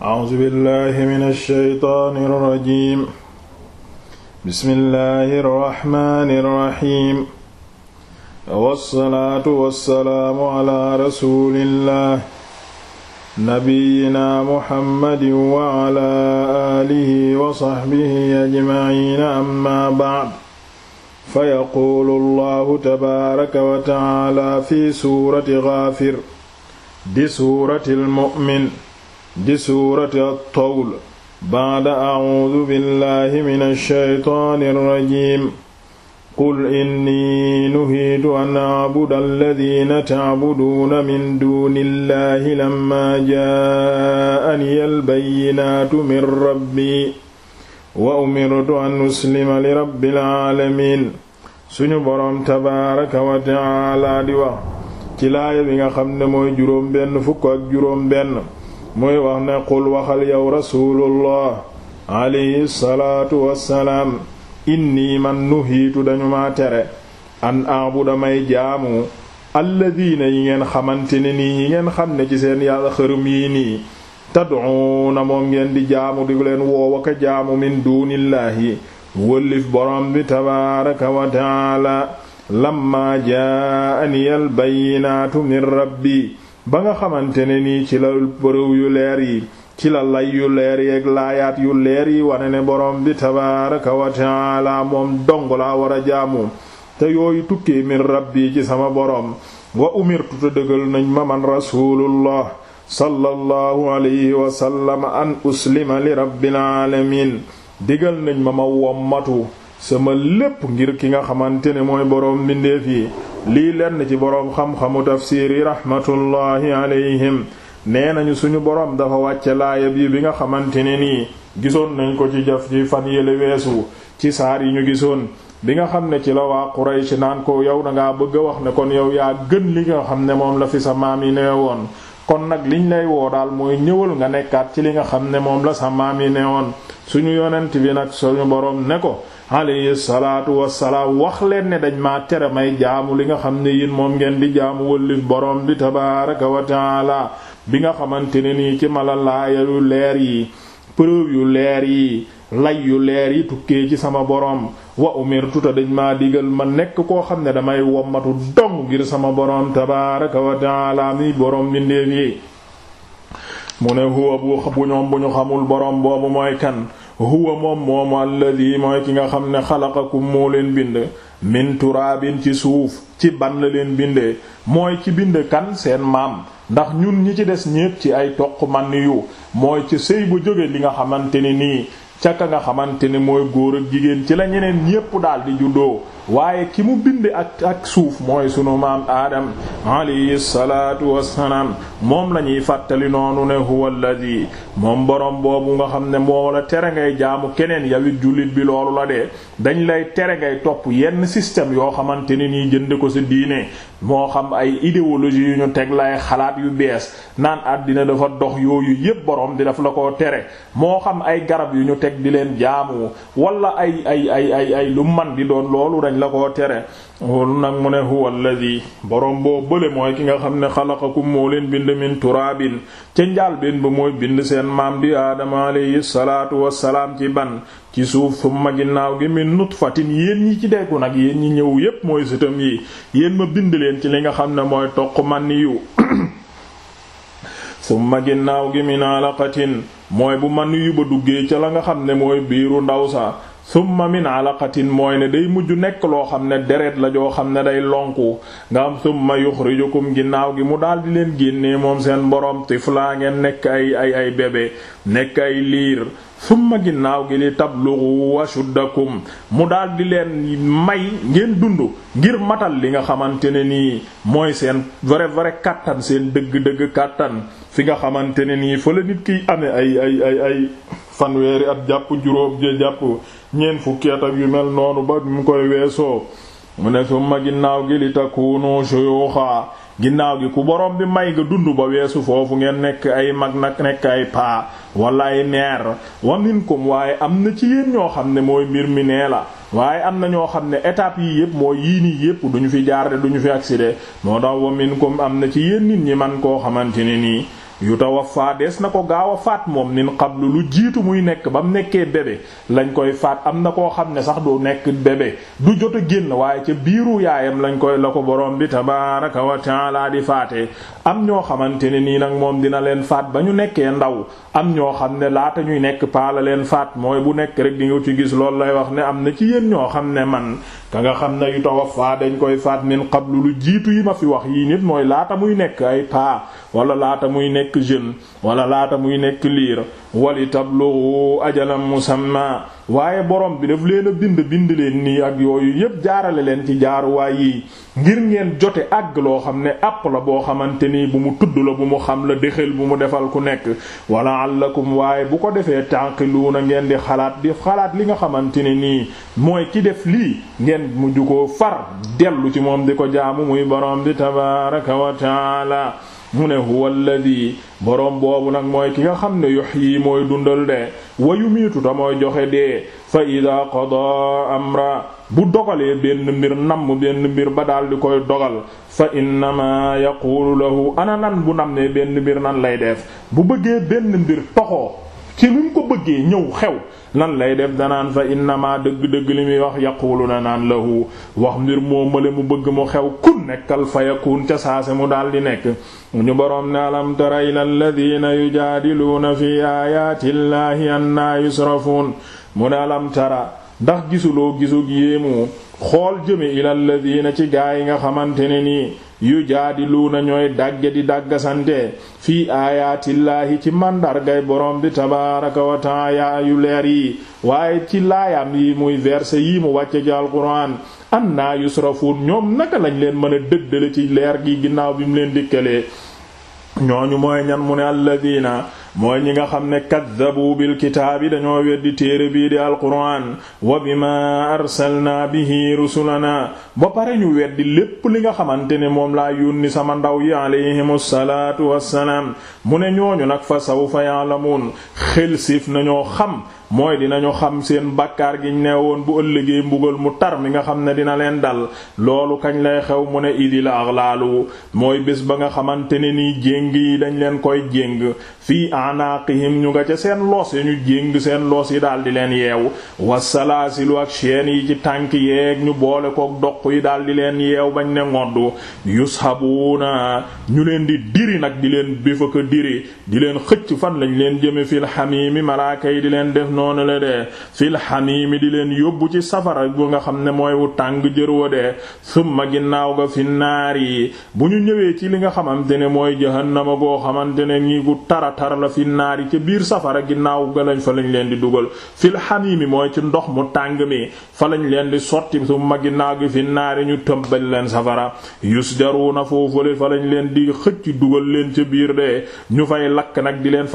a'uuzu billahi mina shaytaani rajiim bismillahi rahmaani rahiim wassalaatu wassalaamu ala rasuulillah nabiyyina muhammadin wa ala aalihi wa sahbihi ajmaciina amma bacd fa yaquulu allahu tabaaraka wa tacaala fi suurati gaafir di suurati almu'min di suurati at-Tawl ba'da a'uudu billahi mina shaytaani rajiim qul inni nuhiitu an a'buda alladhiina ta'buduuna min duuni llahi lammaa jaa'aniya al-bayyinaatu min rabbii wa umirtu an uslima li rabbil aalamiin suñu boroom tabaaraka wa ta'aala di wax ci laaya bi nga xam ne mooy juróom benn fukk ak juróom benn muy wax ne qul waxal yow rasulullah alayhi salaatu wassalaam inni man nuhiitu dañu ma tere an aabuda may jaamu alladiina yi ngeen xamante ne nii yi ngeen xam ne ci seen yàlla xërëm yi nii tad'uuna moom ngeen di jaamu di leen woowa ka jaamu min duunillaahi wëllif borom bi tabaaraka wa taala lamma jaa'aniya albayinaatu min rabbi ba nga xamante ne nii ci la bërëw yu leer yi ci la lay yu leer yeeg laayaat yu leer yi wane ne borom bi tabaaraka wa taala moom dong la war a jaamu te yooyu tukkee min rabbi ci sama borom wa umirtu te dëgal nañ ma man rasulullah sallallahu alayhi wa sallam an uslima li rabbil alamin digal nañ ma ma wommatu sama lépp ngir ki nga xamante ne mooy boroom mbindeef yi lii lenn ci boroom xam-xamu tafsiir yi rahmatullahi alayhim nee nañu suñu boroom dafa wàcce laayab yi bi nga xamante ni nii gisoon nañ ko ci jaf ci fan yële weesu ci saar yi ñu gisoon bi nga xam ne ci la waa Quraysh naan ko yow da ngaa bëgg a wax ne kon yow yaa gën li nga xam ne moom la fi sa maam yi woon kon nag liñ lay woo daal mooy ñëwal nga nekkaat ci li nga xam ne moom la sa maam yi neewoon suñu yonent bi nag suñu boroom ne ko alayhi salaatu wassalaam wax leen ne dañ ma tere may jaamu li nga xam ne yéen moom ngeen di jaamu wëllif boroom bi tabaaraka wa taala bi nga xamante ne nii ci mala yu leer yi preuve yu leer yi lay yu leer yi tukkee ci sama borom wa umirtu te dañ ma digal ma nekk koo xam ne damay wommatu dong ngir sama boroom tabaaraka wa taala mi boroom bindeef yi mu ne huwa bu ñoom bu ñu xamul boroom boobu mooy kan huwa moom moomu alladi mooy ki nga xam ne xalaqakum moo leen bind min turaabin ci suuf ci ban la leen bindee mooy ci bind kan seen maam ndax ñun ñi ci des ñépp ci ay toq man yu mooy ci sëy bu jóge li nga xamante ni nii ca ka nga xamante ne mooy góor ak jigéen ci la ñeneen ñépp daal di juddoo waaye ki mu bind ak ak suuf mooy sunu maam aadam alayhi salaatu wassalaam moom la ñuy fàttali noonu ne huwa alladi moom borom boobu nga xam ne moo la tere ngay jaamu keneen yawit jullit bi loolu la dee dañ lay tere ngay topp yenn système yoo xamante ne nii jënd ko sa diine moo xam ay idéologie yu ñu teg lay xalaat yu bees naan àddina dafa dox yooyu yépp borom di daf la ko tere teg di leen jaamu walla ay ay ay ay ay lu man di doon loolu dañ la ko tere wolu nag mu ne huwa alladi borom boo bële mooy ki nga xam ne xalaqakum moo leen bind min turaabin ca njaalbeen ba mooy bind seen maam bi aadama alayhi salaatu wassalaam ci ban ci suuf summa ginnaaw gi min nutfatin yéen ñi ci deggu nag yéen ñi ñëw yépp mooy sëtam yi yéen ma bind leen ci li nga xam ne mooy toq man yu summa ginnaaw gi min alaqatin mooy bu man yu ba duggee ca la nga xam ne mooy biiru ndaw sa summa min alaqatin mooy ne day mujj nekk loo xam ne deret la joo xam ne day lonku nga am summa yuxrijukum ginnaaw gi mu daal di leen génnee moom seen borom tiflaa ngeen nekk ay ay ay bébé nekk ay liir summa ginnaaw gi li tablughu washuddakum mu daal di leen may ngeen dund ngir matal li nga xamante ne nii mooy seen vrai vrai kàttan seen dëgg-dëgg kàttan fi nga xamante ne nii fa la nit kiy amee ay ay ay fanweeri at jàpp juróom je jàpp ñeent fukki at yu mel noonu ba mu koy weesoo mu ne summa ginnaaw gi li takunu shuyuxa ginnaaw gi ku boroom bi may nga dund ba weesu foofu ngeen nekk ay mag nag nekk ay paa wala ay meer wa minkum waaye am na ci yéen ñoo xam ne mooy mbir mi nee la waaye am na ñoo xam ne étapes yii yëpp mooy yii nii yëpp duñu fi jaar de duñu fi agsi de moo tax wa am na ci yéen nit ñi man koo xamante ne nii yutawaffa des na ko gaaw a faat moom nin qablu lu jiitu muy nekk ba mu nekkee bébé lañ koy faat am na koo xam ne sax du nekk bébé du jot a génn waaye ca biiru yaayam lañ koy la boroom borom bi tabaaraka wa laa di faate am ñoo xamante ne nii nag moom dina leen faat ba ñu nekkee ndaw am ñoo xam ne laata ñuy nekk paala leen faat mooy bu nekk rek di nga ci gis loolu lay wax ne am na ci yéen ñoo xam ne man ka nga xam ne yu tawaffa dañ koy faat min qablu lu jiitu yi ma fi wax yii nit mooy laata muy nekk ay paa wala laata muy nekk jeune wala laata muy nekk liir wali tablughu ajalan musamma waaye borom bi daf leen a bind bind leen nii ak yooyu yépp jaarale leen ci jaaruwaay yi ngir ngeen jote àgg loo xam ne àpp la boo xamante nii bu mu tudd la bu mu xam la déxal bu mu defal ku nekk wala allakum waaye bu ko defee tànqiluuna ngeen di xalaat di xalaat li nga xamante ne nii mooy ki def lii ngeen mujj koo far dellu ci moom di ko jaamu muy borom bi tabaraka wa mu ne huwa alladi boroom boobu nag mooy ki nga xam ne yuhyi mooy dundal de wa yumiitu ta mooy joxe dee fa ida qadaa amra bu dogalee benn mbir namm benn mbir ba daal di koy dogal fa innama yaquulu lahu ana nan bu nam benn mbir nan lay def bu bëggee benn mbir toxo ci luñ ko bëggee ñëw xew lan lay def danaan fa innama dëgg-dëgg li muy wax yaquluna naan lahu wax mbir moo male mu bëgg mu xew kun nekkal fayakun ca saase mu daal di nekk ñu boroom ne alam tara ila alladina yujaadiluuna fi ayaati llahi annaa yusrafuun mu ne alam tara ndax gisuloo gisu gi mu xool jëme ilal ladina ci gaa yi nga xamante ne nii yu jaadiluuna ñooy dàgge di dàggasante fii aayaatillaahi ci màndargay borom bi tabaaraka wa yu leer yi waaye ci laayam yi muy verset yi mu wàcce ci alquran annaa yusrafuun ñoom naka lañ leen mën a dëddale ci leer gi ginnaaw bi mu leen dikkalee ñooñu mooy ñan mu ne alladina mooy ñi nga xam ne kaddabu bil kitaabi dañoo weddi téere bii di alquran wa bima arsalna bihi rusulana ba pare ñu weddi lépp li nga xamante ne moom laa yónni sama ndaw yi alayhim salaatu wassalaam mu ne ñooñu nag fa saw sawfa ya'lamun xel siif nañoo xam mooy dinañu xam seen bàkkaar gi ñu nee woon bu ëllëgee mbugal mu tar mi nga xam ne dina leen dal loolu kañ lay xew mu ne idil aghlaalu mooy bés ba nga xamante ne nii jéng yi dañ leen koy jéng fii anaqihim ñu nga ca seen loos ya ñu jéng seen loos yi daal di leen yeew wasalaasilu ak chaînes yi ci tànk yeeg ñu boole kook doq yi daal di leen yeew bañ ne ngoddu yushabuuna ñu leen di diri nag di leen béfa ko diri di leen xëcc fan lañ leen jëme fil hamiimi malaaka di leen noonu la dee fil xamiimi di leen yóbbu ci safara bu nga xam ne mooy wu tàng jër wa dee summa ginnaaw ga fi naar yi bu ñu ñëwee ci li nga xamante ne mooy jahannama goo xamante ne ñi gu tara tara la fi naar yi ca biir safara ginnaaw ga lañ fa lañ leen di dugal fil mi mooy ci ndox mu tàng mi fa lañ leen di sotti summa ginnaaw gi fi naari ñu tëmbal leen safara yusjaruna foofule fa lañ leen di xëcc dugal leen ca biir dee ñu fay lakk nag di leen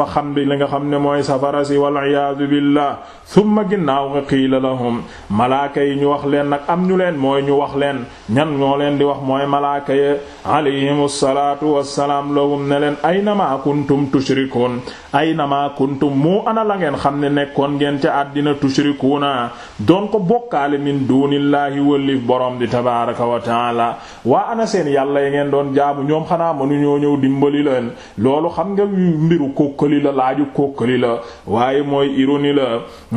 rasulillah summa ginnaaw nga qiila lahum malaaka yi ñu wax leen nag am ñu leen mooy ñu wax leen ñan ñoo leen di wax mooy malaaka yi alayhimu salaatu wassalaam lahum ne leen aynama kuntum tushrikuun ay kuntum moo ana la ngeen xam ne nekkoon ngeen ca àddina tushrikuuna doon ko bokkaale min duunillaahi wëllif borom di tabaaraka wa taala waa ana seen yàlla ya ngeen doon jaabu ñoom xanaa mënuñoo ñëw dimbali leen loolu xam nga mbiru kokkali la laaju kokkali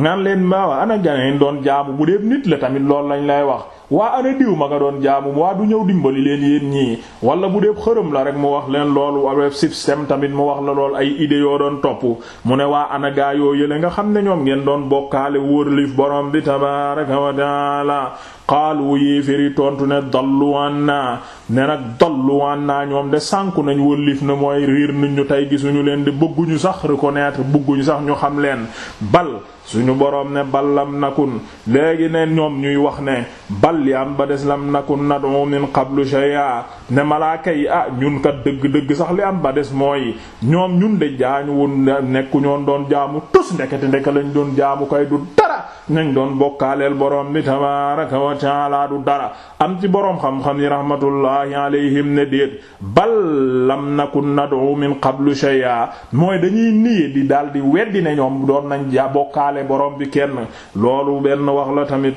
naan leen ma ana ganeen doon jaamu bu dee nit la tamit loolu lañ lay wax waa ana diw ma nga doon jaamu waa du ñëw dimbali leen yéen ñii wala bu dee xërëm la rek mu wax leen loolu avec système tamit mu wax la lool ay idées yoo doon topp mu ne waa ana gaa yoo yële nga xam ne ñoom ngeen doon bokkaale wóor lif borom bi tabaaraka wa taala qaalu yéeféri tontu ne dallu waan naa ne nag dallu waan naa ñoom de sànku nañ wëllif na mooy riir nit ñu tey gisuñu leen di bëgguñu sax reconnaître bëgguñu sax ñu xam leen bal suñu boroom ne bal lam nakun léegi ne ñoom ñuy wax ne bal yi am ba des lam nakun nad'u min qablu shay'a ne malaaka yi ah ñun kat dëgg-dëgg sax li am ba des mooy ñoom ñun de jaañu woon nekku ñoon doon jaamu tus ndekete ndeke lañ doon jaamu kay du nañ doon bokkaaleel borom bi tabaaraka wa taala du dara am ci borom xam-xam yi rahmatullahi alayhim ne déet bal lam nakun nad'u min qablu shay'a mooy dañuy niye di daal di weddi ne ñoom doon nañ ja bokkaale borom bi kenn loolu benn wax la tamit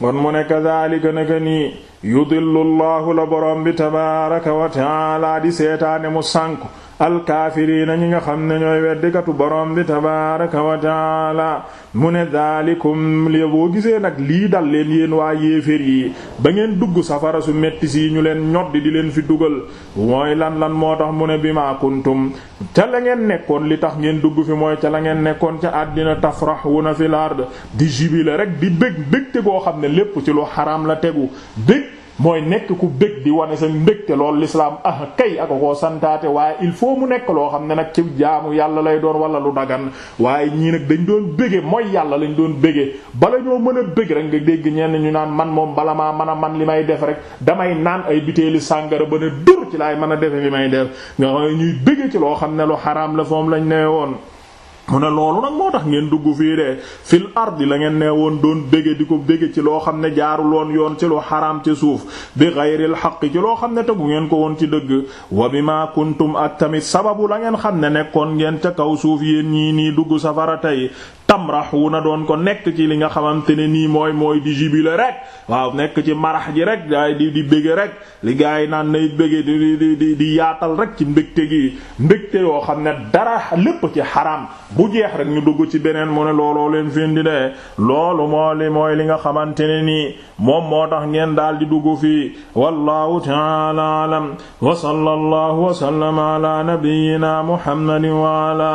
kon mu ne kadhalika naka nii yudillu llahu la borom bi tabaaraka wa di seetaane mu sànk alkaafiriina ñi nga xam ne ñooy weddikatu borom bi tabaaraka wa taala mu ne daalikum li boo gisee nag lii dal leen yéen waa yéefér yi ba ngeen dugg safara su metti si ñu leen ñoddi di leen fi dugal mooy lan lan moo tax mu ne bi maa kuntum ca la ngeen nekkoon li tax ngeen dugg fi mooy ca la ngeen nekkoon ca àddina tafrahuna fil ard di jibile rek di bég bégte goo xam ne lépp ci lu xaraam la tegu bég mooy nekk ku bëgg di wane sa mbëgte loolu lislaam ah kay ak koo santaate waaye il faut mu nekk loo xam ne nag ci jaamu yàlla lay doon wala lu dagan waaye ñii nag dañ doon bëgge mooy yàlla lañ doon bëggee bala ñoo mën a bëgg rek nga dégg ñenn ñu naan man moom bala maa man a man li may def rek damay naan ay biteeli sàngara ba ne dur ci laay mën a defe li may def nga ñuy bëgge ci loo xam ne lu xaraam la foom lañ ne woon mu ne loolu nag moo tax ngeen dugg fii de fil ardi la ngeen nee woon doon bége di ko bégg ci loo xam ne jaarul woon yoon ci lu xaraam ci suuf bi gayril xaq ci loo xam ne tegu ngeen ko woon ci dëgg wa bima kuntum at tamit sababu la ngeen xam ne nekkoon ngeen ca kaw suuf yéen ñii nii dugg safara tey tamraxuuna doon ko nekk ci li nga xamante ne nii mooy mooy di jubile rek waaw nekk ci marax ji rek gaay di di bëgge rek li gaay naan nay bëgge di di di di yaatal rek ci mbégte gi mbégte yoo xam ne dara lépp ci xaram bu jeex rek ñu dugg ci beneen mu ne looloo leen findi de loolu moo li mooy li nga xamante ne nii moom moo tax ngeen daal di dugg fi wallahu ta'ala wa sallallahu wa sallama ala nabiyyina muhammadin wa ala